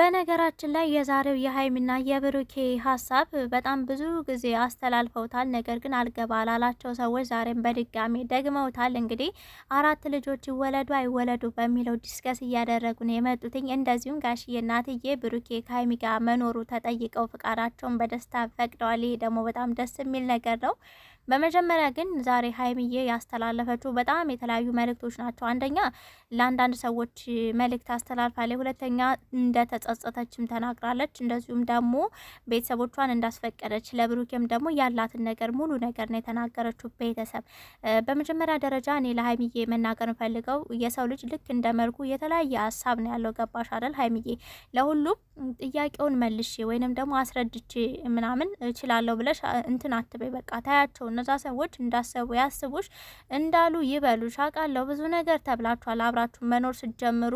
በነገራችን ላይ የዛሬው የሀይሚና የብሩኬ ሀሳብ በጣም ብዙ ጊዜ አስተላልፈውታል። ነገር ግን አልገባ ላላቸው ሰዎች ዛሬም በድጋሚ ደግመውታል። እንግዲህ አራት ልጆች ይወለዱ አይወለዱ በሚለው ዲስከስ እያደረጉ ነው የመጡትኝ። እንደዚሁም ጋሽዬ እናትዬ ብሩኬ ከሀይሚ ጋር መኖሩ ተጠይቀው ፍቃዳቸውን በደስታ ፈቅደዋል። ይሄ ደግሞ በጣም ደስ የሚል ነገር ነው። በመጀመሪያ ግን ዛሬ ሀይሚዬ ያስተላለፈችው በጣም የተለያዩ መልእክቶች ናቸው። አንደኛ ለአንዳንድ ሰዎች መልእክት አስተላልፋለች። ሁለተኛ እንደተጸጸተችም ተናግራለች። እንደዚሁም ደግሞ ቤተሰቦቿን እንዳስፈቀደች፣ ለብሩኬም ደግሞ ያላትን ነገር ሙሉ ነገር ነው የተናገረችው። ቤተሰብ በመጀመሪያ ደረጃ እኔ ለሀይሚዬ መናገር ፈልገው የሰው ልጅ ልክ እንደ መልኩ የተለያየ ሀሳብ ነው ያለው። ገባሽ አይደል ሀይሚዬ? ለሁሉም ጥያቄውን መልሼ ወይንም ደግሞ አስረድቼ ምናምን እችላለሁ ብለሽ እንትን አትበይ። በቃ ታያቸው እነዛ ሰዎች እንዳሰቡ ያስቡሽ፣ እንዳሉ ይበሉሽ። አውቃለሁ ብዙ ነገር ተብላችኋል አብራችሁ መኖር ስትጀምሩ።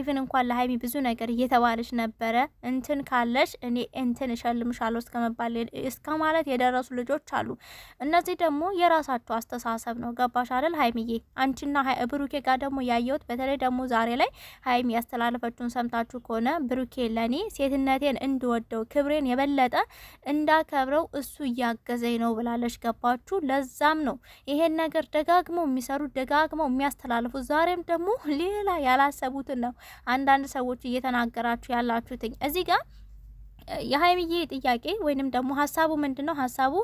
ኢቭን እንኳን ለሀይሚ ብዙ ነገር እየተባለች ነበረ። እንትን ካለሽ እኔ እንትን እሸልምሻለሁ እስከመባል እስከ ማለት የደረሱ ልጆች አሉ። እነዚህ ደግሞ የራሳቸው አስተሳሰብ ነው። ገባሽ አይደል ሀይሚዬ? አንቺና ብሩኬ ጋር ደግሞ ያየሁት በተለይ ደግሞ ዛሬ ላይ ሀይሚ ያስተላለፈችውን ሰምታችሁ ከሆነ ብሩኬ ለእኔ ሴትነቴን እንድወደው ክብሬን የበለጠ እንዳከብረው እሱ እያገዘኝ ነው ብላለች። ገባችሁ? ለዛም ነው ይሄን ነገር ደጋግመው የሚሰሩት ደጋግመው የሚያስተላልፉት። ዛሬም ደግሞ ሌላ ያላሰቡትን ነው አንዳንድ ሰዎች እየተናገራችሁ ያላችሁትኝ እዚህ ጋር የሀይሚዬ ጥያቄ ወይንም ደግሞ ሀሳቡ ምንድን ነው? ሀሳቡ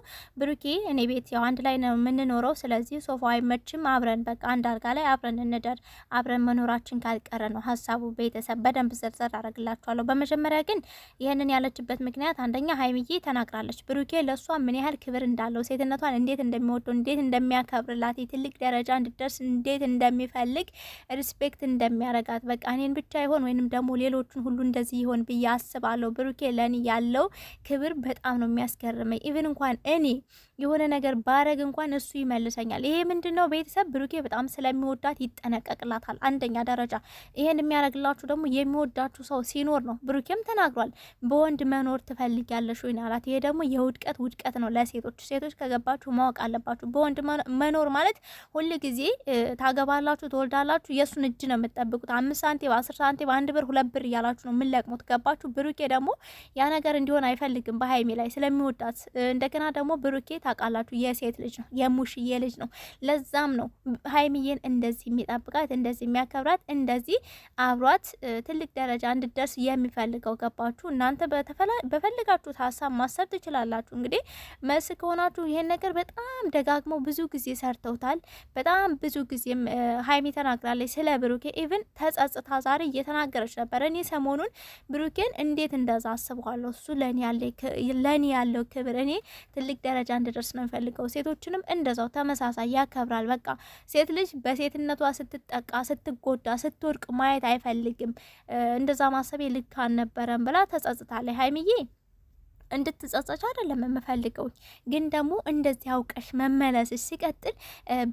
ብሩኬ እኔ ቤት ያው አንድ ላይ ነው የምንኖረው። ስለዚህ ሶፋ አይመችም፣ አብረን በቃ አንድ አልጋ ላይ አብረን እንደር፣ አብረን መኖራችን ካልቀረ ነው ሀሳቡ። ቤተሰብ በደንብ ዘርዘር አደርግላችኋለሁ። በመጀመሪያ ግን ይህንን ያለችበት ምክንያት አንደኛ ሀይሚዬ ተናግራለች፣ ብሩኬ ለእሷ ምን ያህል ክብር እንዳለው፣ ሴትነቷን እንዴት እንደሚወደው፣ እንዴት እንደሚያከብርላት፣ ትልቅ ደረጃ እንድደርስ እንዴት እንደሚፈልግ፣ ሪስፔክት እንደሚያረጋት፣ በቃ እኔን ብቻ ይሆን ወይንም ደግሞ ሌሎቹን ሁሉ እንደዚህ ይሆን ብዬ አስባለሁ ብሩኬ ለእኔ ያለው ክብር በጣም ነው የሚያስገርመኝ። ኢቭን እንኳን እኔ የሆነ ነገር ባረግ እንኳን እሱ ይመልሰኛል። ይሄ ምንድን ነው? ቤተሰብ ብሩኬ በጣም ስለሚወዳት ይጠነቀቅላታል። አንደኛ ደረጃ ይሄን የሚያደርግላችሁ ደግሞ የሚወዳችሁ ሰው ሲኖር ነው። ብሩኬም ተናግሯል። በወንድ መኖር ትፈልጊያለሽ ወይ አላት። ይሄ ደግሞ የውድቀት ውድቀት ነው ለሴቶች። ሴቶች ከገባችሁ ማወቅ አለባችሁ። በወንድ መኖር ማለት ሁል ጊዜ ታገባላችሁ፣ ትወልዳላችሁ፣ የእሱን እጅ ነው የምጠብቁት። አምስት ሳንቲም፣ አስር ሳንቲም፣ አንድ ብር፣ ሁለት ብር እያላችሁ ነው የምንለቅሙት። ገባችሁ? ብሩኬ ደግሞ ነገር እንዲሆን አይፈልግም በሀይሚ ላይ ስለሚወዳት። እንደገና ደግሞ ብሩኬ ታውቃላችሁ የሴት ልጅ ነው የሙሽዬ ልጅ ነው። ለዛም ነው ሀይሚዬን እንደዚህ የሚጠብቃት እንደዚህ የሚያከብራት እንደዚህ አብሯት ትልቅ ደረጃ እንድደርስ የሚፈልገው ገባችሁ። እናንተ በፈልጋችሁት ሀሳብ ማሰብ ትችላላችሁ። እንግዲህ መልስ ከሆናችሁ ይሄን ነገር በጣም ደጋግመው ብዙ ጊዜ ሰርተውታል። በጣም ብዙ ጊዜም ሀይሚ ተናግራለች ስለ ብሩኬ ኢቭን ተጸጽታ ዛሬ እየተናገረች ነበር። እኔ ሰሞኑን ብሩኬን እንዴት እንደዛ አስበ አደንቀዋለሁ። እሱ ለእኔ ያለው ክብር እኔ ትልቅ ደረጃ እንድደርስ ነው የሚፈልገው። ሴቶችንም እንደዛው ተመሳሳይ ያከብራል። በቃ ሴት ልጅ በሴትነቷ ስትጠቃ፣ ስትጎዳ፣ ስትወድቅ ማየት አይፈልግም። እንደዛ ማሰቤ ልክ አልነበረም ብላ ተጸጽታለች ሀይሚዬ እንድትጸጸች አይደለም የምፈልገው፣ ግን ደግሞ እንደዚህ አውቀሽ መመለስሽ ሲቀጥል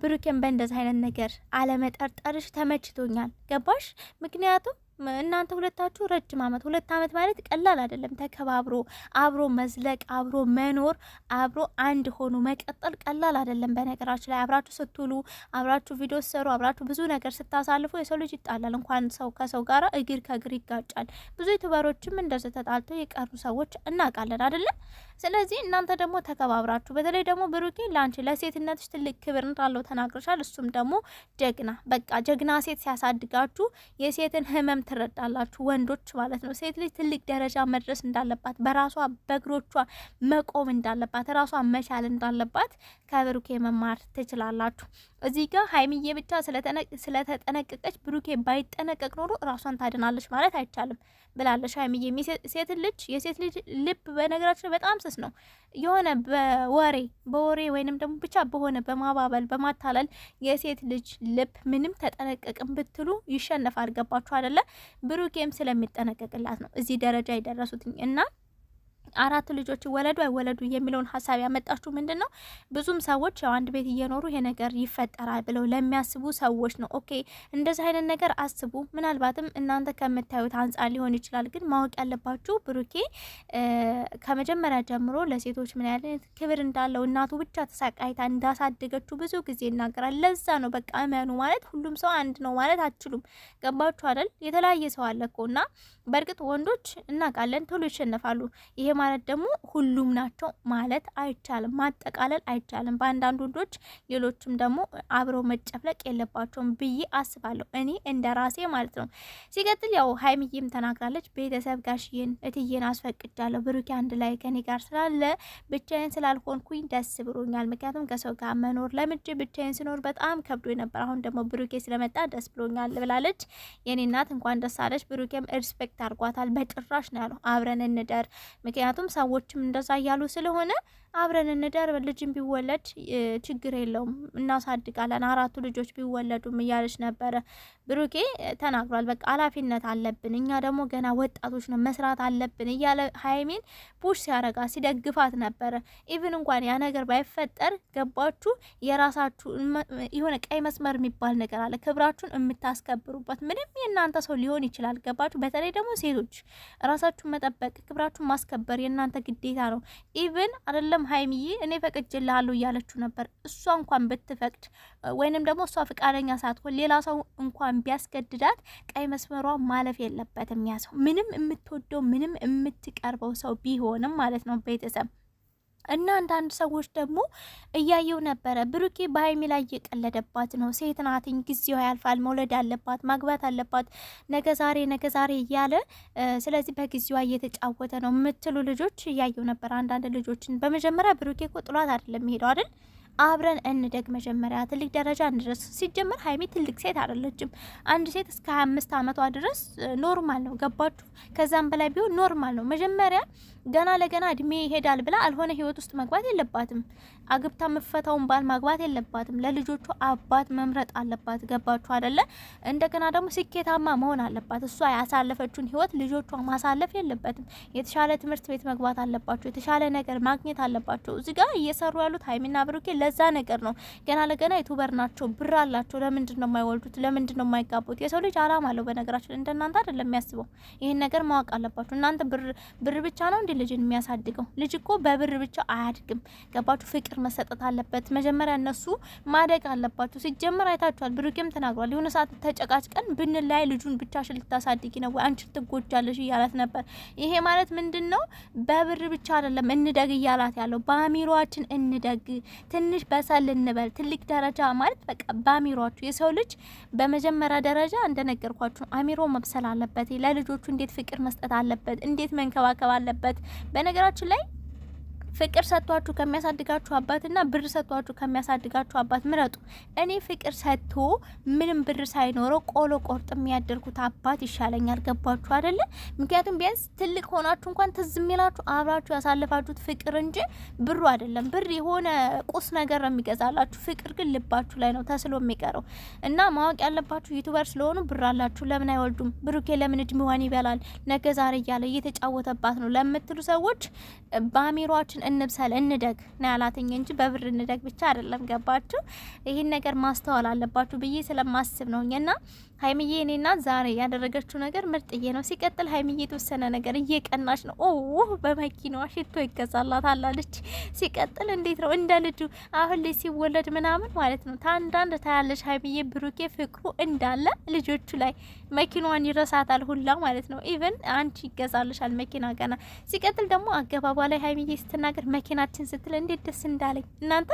ብሩኬን በእንደዚህ አይነት ነገር አለመጠርጠርሽ ተመችቶኛል። ገባሽ? ምክንያቱም እናንተ ሁለታችሁ ረጅም ዓመት ሁለት ዓመት ማለት ቀላል አይደለም። ተከባብሮ አብሮ መዝለቅ፣ አብሮ መኖር፣ አብሮ አንድ ሆኖ መቀጠል ቀላል አይደለም። በነገራችሁ ላይ አብራችሁ ስትውሉ፣ አብራችሁ ቪዲዮ ሰሩ፣ አብራችሁ ብዙ ነገር ስታሳልፉ የሰው ልጅ ይጣላል። እንኳን ሰው ከሰው ጋር እግር ከእግር ይጋጫል። ብዙ ዩቱበሮችም እንደዚህ ተጣልተው የቀሩ ሰዎች እናውቃለን አይደለም። ስለዚህ እናንተ ደግሞ ተከባብራችሁ፣ በተለይ ደግሞ ብሩኬ ለአንቺ ለሴትነትሽ ትልቅ ክብር እንዳለው ተናግረሻል። እሱም ደግሞ ጀግና በቃ ጀግና ሴት ሲያሳድጋችሁ የሴትን ህመም ትረዳላችሁ፣ ወንዶች ማለት ነው። ሴት ልጅ ትልቅ ደረጃ መድረስ እንዳለባት፣ በራሷ በእግሮቿ መቆም እንዳለባት፣ ራሷ መቻል እንዳለባት ከብሩኬ መማር ትችላላችሁ። እዚህ ጋር ሀይሚዬ ብቻ ስለተጠነቀቀች ብሩኬ ባይጠነቀቅ ኖሮ ራሷን ታድናለች ማለት አይቻልም ብላለች ሀይሚዬ። ሴት ልጅ የሴት ልጅ ልብ በነገራችን በጣም ስስ ነው። የሆነ በወሬ በወሬ ወይንም ደግሞ ብቻ በሆነ በማባበል በማታለል የሴት ልጅ ልብ ምንም ተጠነቀቅም ብትሉ ይሸነፋል። ገባችሁ አደለ? ብሩኬም ስለሚጠነቀቅላት ነው እዚህ ደረጃ የደረሱትኝ እና አራት ልጆች ወለዱ አይወለዱ የሚለውን ሀሳብ ያመጣችሁ ምንድን ነው? ብዙም ሰዎች ያው አንድ ቤት እየኖሩ ይሄ ነገር ይፈጠራል ብለው ለሚያስቡ ሰዎች ነው። ኦኬ፣ እንደዚህ አይነት ነገር አስቡ። ምናልባትም እናንተ ከምታዩት አንጻር ሊሆን ይችላል። ግን ማወቅ ያለባችሁ ብሩኬ ከመጀመሪያ ጀምሮ ለሴቶች ምን ያህል ክብር እንዳለው እናቱ ብቻ ተሳቃይታ እንዳሳደገችው ብዙ ጊዜ ይናገራል። ለዛ ነው በቃ እመኑ ማለት ሁሉም ሰው አንድ ነው ማለት አችሉም። ገባችሁ አይደል? የተለያየ ሰው አለ እኮ እና በእርግጥ ወንዶች እናውቃለን ቶሎ ይሸነፋሉ። ይሄ ማለት ደግሞ ሁሉም ናቸው ማለት አይቻልም፣ ማጠቃለል አይቻልም። በአንዳንድ ወንዶች ሌሎችም ደግሞ አብረው መጨፍለቅ የለባቸውም ብዬ አስባለሁ፣ እኔ እንደ ራሴ ማለት ነው። ሲቀጥል ያው ሀይምዬም ተናግራለች፣ ቤተሰብ ጋሽዬን እትዬን አስፈቅጃለሁ፣ ብሩኬ አንድ ላይ ከኔ ጋር ስላለ ብቻዬን ስላልሆንኩኝ ደስ ብሎኛል። ምክንያቱም ከሰው ጋር መኖር ለምጄ ብቻዬን ስኖር በጣም ከብዶ ነበር። አሁን ደግሞ ብሩኬ ስለመጣ ደስ ብሎኛል ብላለች። የኔ እናት እንኳን ደስ አለች። ብሩኬም ሪስፔክት አድርጓታል። በጭራሽ ነው ያለው አብረን እንደር ምክንያቱ ምክንያቱም ሰዎችም እንደዛ እያሉ ስለሆነ አብረን እንደር፣ ልጅም ቢወለድ ችግር የለውም እናሳድጋለን፣ አራቱ ልጆች ቢወለዱም እያለች ነበረ። ብሩኬ ተናግሯል። በቃ ኃላፊነት አለብን እኛ ደግሞ ገና ወጣቶች ነው መስራት አለብን እያለ ሀይሚን ቡሽ ሲያረጋ ሲደግፋት ነበረ። ኢቭን እንኳን ያ ነገር ባይፈጠር ገባችሁ፣ የራሳችሁ የሆነ ቀይ መስመር የሚባል ነገር አለ፣ ክብራችሁን የምታስከብሩበት። ምንም የእናንተ ሰው ሊሆን ይችላል። ገባችሁ? በተለይ ደግሞ ሴቶች ራሳችሁን መጠበቅ፣ ክብራችሁን ማስከበር የእናንተ ግዴታ ነው። ኢቭን አይደለም ለማንኛውም ሀይሚዬ እኔ ፈቅጄልሃለሁ እያለችው ነበር። እሷ እንኳን ብትፈቅድ ወይንም ደግሞ እሷ ፍቃደኛ ሳትሆን ሌላ ሰው እንኳን ቢያስገድዳት ቀይ መስመሯ ማለፍ የለበትም ያ ሰው ምንም የምትወደው ምንም የምትቀርበው ሰው ቢሆንም ማለት ነው ቤተሰብ እና አንዳንድ ሰዎች ደግሞ እያየው ነበረ። ብሩኬ በሀይሚ ላይ እየቀለደባት ነው። ሴት ናትኝ፣ ጊዜዋ ያልፋል፣ መውለድ አለባት፣ ማግባት አለባት፣ ነገ ዛሬ ነገ ዛሬ እያለ ስለዚህ በጊዜዋ እየተጫወተ ነው የምትሉ ልጆች እያየው ነበር። አንዳንድ ልጆችን በመጀመሪያ ብሩኬ እኮ ጥሏት አይደለም ይሄደው አይደል አብረን እንደግ መጀመሪያ ትልቅ ደረጃ እንድረስ። ሲጀመር ሃይሚ ትልቅ ሴት አይደለችም። አንድ ሴት እስከ ሀያ አምስት አመቷ ድረስ ኖርማል ነው። ገባችሁ? ከዛም በላይ ቢሆን ኖርማል ነው መጀመሪያ ገና ለገና እድሜ ይሄዳል ብላ አልሆነ ህይወት ውስጥ መግባት የለባትም። አግብታ ምፈታውን ባል ማግባት የለባትም። ለልጆቹ አባት መምረጥ አለባት። ገባችሁ አደለ? እንደገና ደግሞ ስኬታማ መሆን አለባት። እሷ ያሳለፈችውን ህይወት ልጆቿ ማሳለፍ የለበትም። የተሻለ ትምህርት ቤት መግባት አለባቸው። የተሻለ ነገር ማግኘት አለባቸው። እዚህ ጋር እየሰሩ ያሉት ሀይሚና ብሩኬ ለዛ ነገር ነው። ገና ለገና ዩቱበር ናቸው፣ ብር አላቸው። ለምንድን ነው የማይወልዱት? ለምንድን ነው የማይጋቡት? የሰው ልጅ አላማ አለው። በነገራችን እንደናንተ አደለም የሚያስበው። ይህን ነገር ማወቅ አለባቸው። እናንተ ብር ብር ብቻ ነው አይደል ልጅን የሚያሳድገው። ልጅ እኮ በብር ብቻ አያድግም። ገባችሁ? ፍቅር መሰጠት አለበት። መጀመሪያ እነሱ ማደግ አለባችሁ ሲጀመር አይታችኋል፣ ብሩኬም ተናግሯል። የሆነ ሰዓት ተጨቃጭቀን ብንላይ ልጁን ብቻሽን ልታሳድጊ ነው ወይ አንቺ ትጎጃለሽ እያላት ነበር። ይሄ ማለት ምንድን ነው? በብር ብቻ አይደለም እንደግ እያላት ያለው በአሚሯችን እንደግ፣ ትንሽ በሰል እንበል፣ ትልቅ ደረጃ ማለት በቃ በአሚሯችሁ የሰው ልጅ በመጀመሪያ ደረጃ እንደነገርኳችሁ አሚሮ መብሰል አለበት። ለልጆቹ እንዴት ፍቅር መስጠት አለበት፣ እንዴት መንከባከብ አለበት፣ በነገራችን ላይ ፍቅር ሰጥቷችሁ ከሚያሳድጋችሁ አባትና ብር ሰጥቷችሁ ከሚያሳድጋችሁ አባት ምረጡ። እኔ ፍቅር ሰጥቶ ምንም ብር ሳይኖረው ቆሎ ቆርጥ የሚያደርጉት አባት ይሻለኛል። ገባችሁ አይደለ? ምክንያቱም ቢያንስ ትልቅ ሆናችሁ እንኳን ትዝ የሚላችሁ አብራችሁ ያሳለፋችሁት ፍቅር እንጂ ብሩ አይደለም። ብር የሆነ ቁስ ነገር ነው የሚገዛላችሁ። ፍቅር ግን ልባችሁ ላይ ነው ተስሎ የሚቀረው። እና ማወቅ ያለባችሁ ዩቱበር ስለሆኑ ብር አላችሁ። ለምን አይወልዱም? ብሩኬ ለምን እድሜዋን ይበላል ነገ ዛሬ እያለ እየተጫወተባት ነው ለምትሉ ሰዎች በአሚሯችን እንብሰል፣ እንደግ ነው ያላትኝ እንጂ በብር እንደግ ብቻ አይደለም። ገባችሁ? ይህን ነገር ማስተዋል አለባችሁ ብዬ ስለማስብ ነው እና ሀይምዬ እኔና ዛሬ ያደረገችው ነገር ምርጥዬ ነው። ሲቀጥል ሀይሚዬ የተወሰነ ነገር እየቀናች ነው። ኦ በመኪናዋ ሽቶ ይገዛላት አላለች። ሲቀጥል እንዴት ነው እንደ ልጁ አሁን ላይ ሲወለድ ምናምን ማለት ነው። ታንዳንድ ታያለች ሀይሚዬ ብሩኬ ፍቅሩ እንዳለ ልጆቹ ላይ መኪናዋን ይረሳታል ሁላ ማለት ነው። ኢቨን አንቺ ይገዛልሻል መኪና ገና። ሲቀጥል ደግሞ አገባቧ ላይ ሀይሚዬ ስትና ለመናገር መኪናችን ስትል እንዴት ደስ እንዳለኝ እናንተ።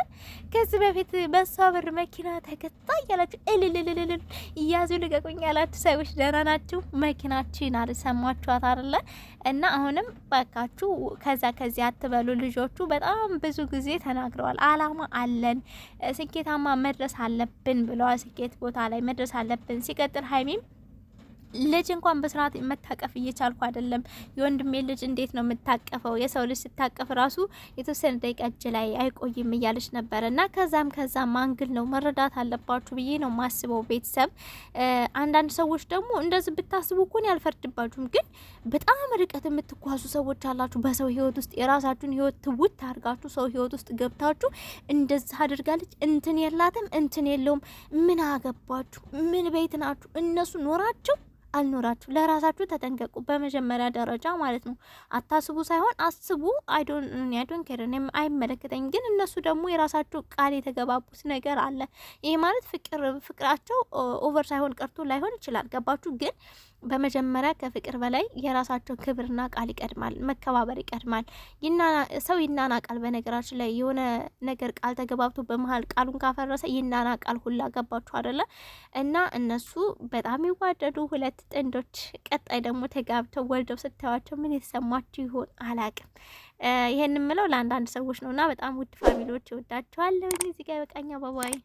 ከዚህ በፊት በሷ ብር መኪና ተገዛ እያላችሁ እልልልልል እያዙ ልቀቁኝ ያላችሁ ሰዎች ደህና ናችሁ? መኪናችን አልሰማችኋት አይደለ? እና አሁንም በቃችሁ ከዛ ከዚህ አትበሉ። ልጆቹ በጣም ብዙ ጊዜ ተናግረዋል። አላማ አለን፣ ስኬታማ መድረስ አለብን ብለዋል። ስኬት ቦታ ላይ መድረስ አለብን። ሲቀጥል ሀይሚም ልጅ እንኳን በስርዓት መታቀፍ እየቻልኩ አይደለም። የወንድሜ ልጅ እንዴት ነው የምታቀፈው? የሰው ልጅ ስታቀፍ ራሱ የተወሰነ ደቂቃ እጅ ላይ አይቆይም እያለች ነበረ እና ከዛም ከዛ ማንግል ነው መረዳት አለባችሁ ብዬ ነው ማስበው። ቤተሰብ አንዳንድ ሰዎች ደግሞ እንደዚህ ብታስቡ እኮን ያልፈርድባችሁም፣ ግን በጣም ርቀት የምትጓዙ ሰዎች አላችሁ። በሰው ህይወት ውስጥ የራሳችሁን ህይወት ትውት ታርጋችሁ ሰው ህይወት ውስጥ ገብታችሁ እንደዚህ አድርጋለች፣ እንትን የላትም፣ እንትን የለውም፣ ምን አገባችሁ? ምን ቤት ናችሁ? እነሱ ኖራቸው አልኖራችሁ ለራሳችሁ ተጠንቀቁ። በመጀመሪያ ደረጃ ማለት ነው። አታስቡ ሳይሆን አስቡ። አይዶን ኬር አይመለከተኝ። ግን እነሱ ደግሞ የራሳቸው ቃል የተገባቡት ነገር አለ። ይሄ ማለት ፍቅር ፍቅራቸው ኦቨር ሳይሆን ቀርቶ ላይሆን ይችላል። ገባችሁ ግን በመጀመሪያ ከፍቅር በላይ የራሳቸው ክብርና ቃል ይቀድማል፣ መከባበር ይቀድማል። ሰው ይናና ቃል በነገራችን ላይ የሆነ ነገር ቃል ተገባብቶ በመሀል ቃሉን ካፈረሰ ይናና ቃል ሁላ ገባችሁ አደለ? እና እነሱ በጣም ይዋደዱ ሁለት ጥንዶች። ቀጣይ ደግሞ ተጋብተው ወልደው ስታዩዋቸው ምን የተሰማችሁ ይሆን አላቅም። ይህን ምለው ለአንዳንድ ሰዎች ነው። እና በጣም ውድ ፋሚሊዎች ይወዳችኋለሁ። እዚህ ጋ በቃኛ ባባይ